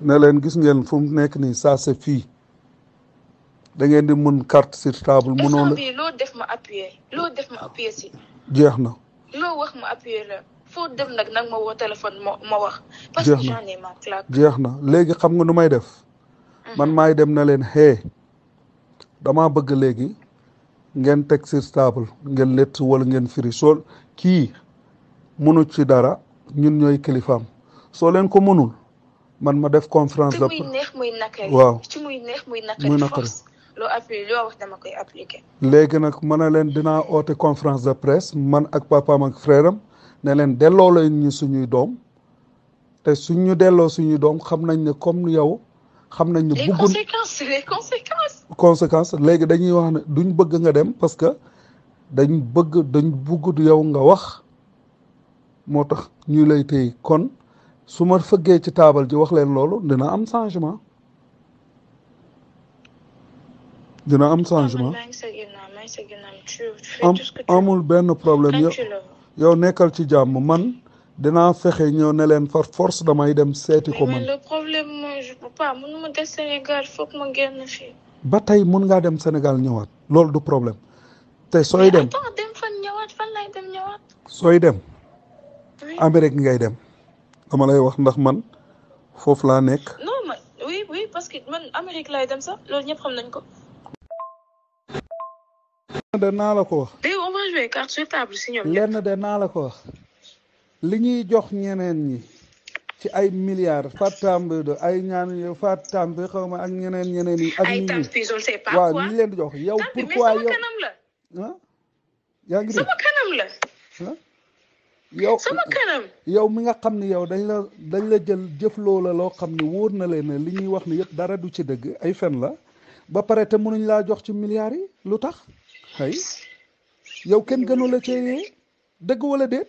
ne leen gis ngeen fu mu nekk nii ça c'est fii da di mën carte sur table. mënoo loo def ma appuyé loo def ma appuyé si. jeex na. loo wax ma appuyé la foo def nag nag ma woo téléphone ma wax. parce que jeex na léegi xam nga nu may def. Mhm. man may dem na leen dama damaa bëgg léegi ngeen teg sur table ngeen lett wala ngeen firi sol kii mënu ci dara ñun ñooy kilifaam soo leen ko mënul. man ma def conférence de presse muy léegi nag ma ne leen dinaa oote conférence de presse man ak papaam ak frère ne leen delloo leen ñu suñuy doom te suñ ñu delloo suñuy doom xam nañ ne comme yow. xam nañ ne bëgguñ les léegi dañuy wax ne duñ bëgg nga dem parce que dañ bëgg dañ bëgg yow nga wax moo tax ñuy lay téye kon. su ma fëggee ci taabal ji wax leen loolu dina am changement dina am changement am amul benn problème yow yow nekkal ci jàmm man dinaa fexe ñëw ne leen far force damay dem seeti ko man. le tey mun ngaa dem Sénégal ñëwaat loolu du problème te sooy dem. mais dem fan ñëwaat fan ngay dem. dama lay wax ndax man foofu laa nekk. non man parce que Amérique laay dem sax loolu ñëpp xam nañ ko. lenn de naa la ko eh, de naa la ko ñuy jox ñeneen ñi ci ay milliards Fatambe de ay ñaan Fatambe xaw ma ak ñeneen ñeneen yi. jox yow. pourquoi yow ah yaa ngi kanam la. yow sama kanam yow mi nga xam ne yow dañ la dañ la jël jëf loola loo xam ne wóor na leen ne li ñuy wax ni yëpp dara du ci dëgg ay fen la ba pare te mënuñ laa jox ci milliards yi lu tax ay yow kenn gënu la ci yee dëgg wala déet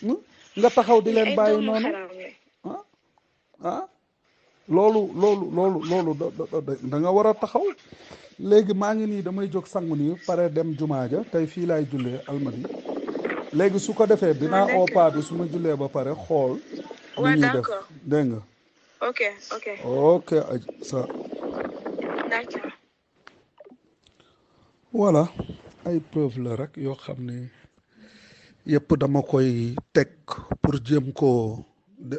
hm? nga taxaw di leen bàyyi noonu ah? Ah? loolu loolu loolu loolu da nga war a taxaw léegi maa ngi nii damay jóg sangu nii pare dem jumaa ja tey fii laay jullee almadi léegi su ko defee dinaa oo paa bi su ma jullee ba pare xool li ñuy def dégg nga ok ok ok aj sa d'accord ay preuve la rek yoo xam ne yëpp dama koy teg pour jéem koo de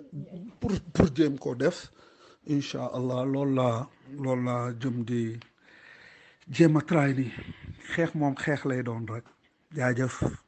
jéem koo def incha allah loolu la loolu laa jëm di jéem a tray ni xeex moom xeex lay doon rek jaajëf